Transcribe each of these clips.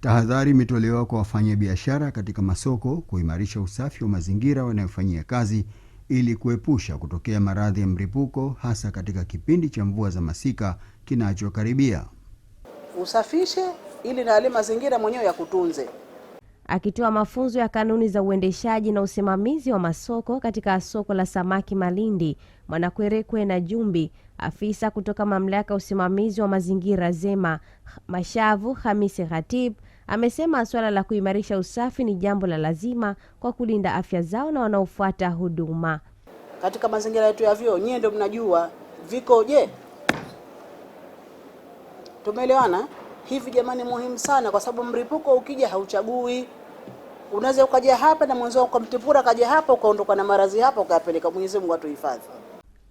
Tahadhari imetolewa kwa wafanyabiashara katika masoko kuimarisha usafi wa mazingira wanayofanyia kazi ili kuepusha kutokea maradhi ya mlipuko hasa katika kipindi cha mvua za masika kinachokaribia. Usafishe ili na yale mazingira mwenyewe yakutunze. Akitoa mafunzo ya kanuni za uendeshaji na usimamizi wa masoko katika soko la samaki Malindi, Mwanakwerekwe na Jumbi, afisa kutoka mamlaka ya usimamizi wa mazingira ZEMA Mashavu Hamisi Khatib Amesema suala la kuimarisha usafi ni jambo la lazima kwa kulinda afya zao na wanaofuata huduma. Katika mazingira yetu ya vyoo, nyie ndio mnajua viko je. Tumeelewana hivi jamani, muhimu sana kwa sababu mripuko ukija hauchagui. Unaweza ukaja hapa na mwenzao ukamtipura kaja hapa ukaondoka na maradhi hapa ukayapeleka. Mwenyezi Mungu atuhifadhi.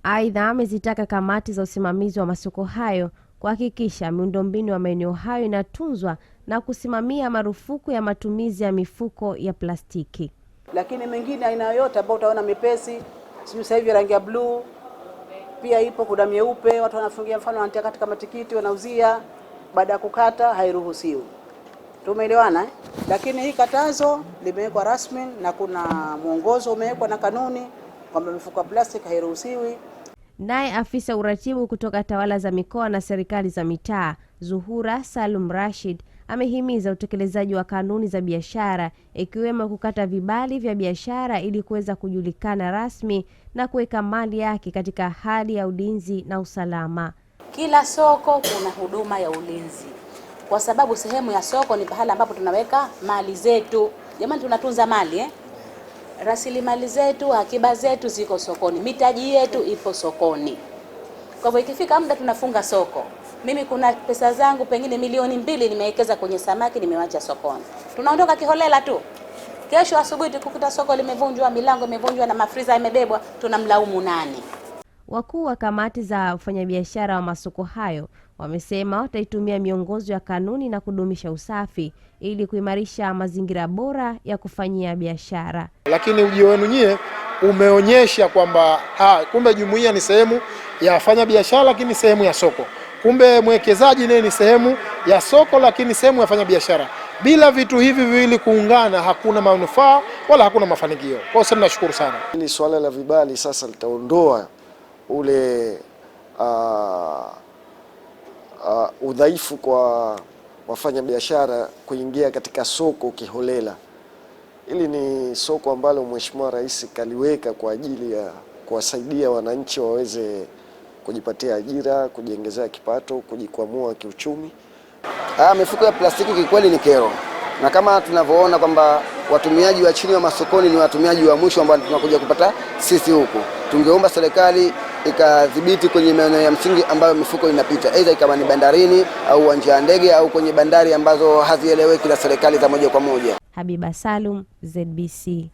Aidha, amezitaka kamati za usimamizi wa masoko hayo kuhakikisha miundombinu ya maeneo hayo inatunzwa na kusimamia marufuku ya matumizi ya mifuko ya plastiki. Lakini mengine aina yoyote ambayo utaona mepesi, sijui sasa hivi rangi ya bluu pia ipo, kuna myeupe, watu wanafungia, mfano wanatia katika matikiti, wanauzia baada ya kukata, hairuhusiwi. Tumeelewana eh? Lakini hii katazo limewekwa rasmi na kuna mwongozo umewekwa na kanuni kwamba mifuko ya plastiki hairuhusiwi Naye afisa uratibu kutoka tawala za mikoa na serikali za mitaa Zuhura Salum Rashid amehimiza utekelezaji wa kanuni za biashara ikiwemo kukata vibali vya biashara ili kuweza kujulikana rasmi na kuweka mali yake katika hali ya ulinzi na usalama. Kila soko kuna huduma ya ulinzi, kwa sababu sehemu ya soko ni pahala ambapo tunaweka mali zetu. Jamani, tunatunza mali eh? rasilimali zetu, akiba zetu ziko sokoni, mitaji yetu ipo sokoni. Kwa hivyo ikifika muda tunafunga soko. Mimi kuna pesa zangu pengine milioni mbili nimewekeza kwenye samaki, nimewacha sokoni, tunaondoka kiholela tu. Kesho asubuhi tukukuta soko limevunjwa, milango imevunjwa na mafriza yamebebwa, tunamlaumu nani? Wakuu wa kamati za wafanyabiashara wa masoko hayo wamesema wataitumia miongozo ya kanuni na kudumisha usafi ili kuimarisha mazingira bora ya kufanyia biashara. Lakini ujio wenu nyie umeonyesha kwamba kumbe jumuiya ni sehemu ya wafanya biashara, lakini sehemu ya soko. Kumbe mwekezaji naye ni sehemu ya soko, lakini sehemu ya wafanya biashara. Bila vitu hivi viwili kuungana, hakuna manufaa wala hakuna mafanikio. Kwa hiyo tunashukuru sana. Ni swala la vibali sasa litaondoa ule uh, uh, udhaifu kwa wafanyabiashara kuingia katika soko kiholela. Hili ni soko ambalo Mheshimiwa Rais kaliweka kwa ajili ya kuwasaidia wananchi waweze kujipatia ajira, kujiongezea kipato, kujikwamua kiuchumi. Ah, mifuko ya plastiki kikweli ni kero, na kama tunavyoona kwamba watumiaji wa chini wa masokoni ni watumiaji wa mwisho ambao tunakuja kupata sisi huku, tungeomba serikali ikadhibiti kwenye maeneo ya msingi ambayo mifuko inapita, aidha ikawa ni bandarini au uwanja wa ndege au kwenye bandari ambazo hazieleweki na serikali za moja kwa moja. Habiba Salum, ZBC.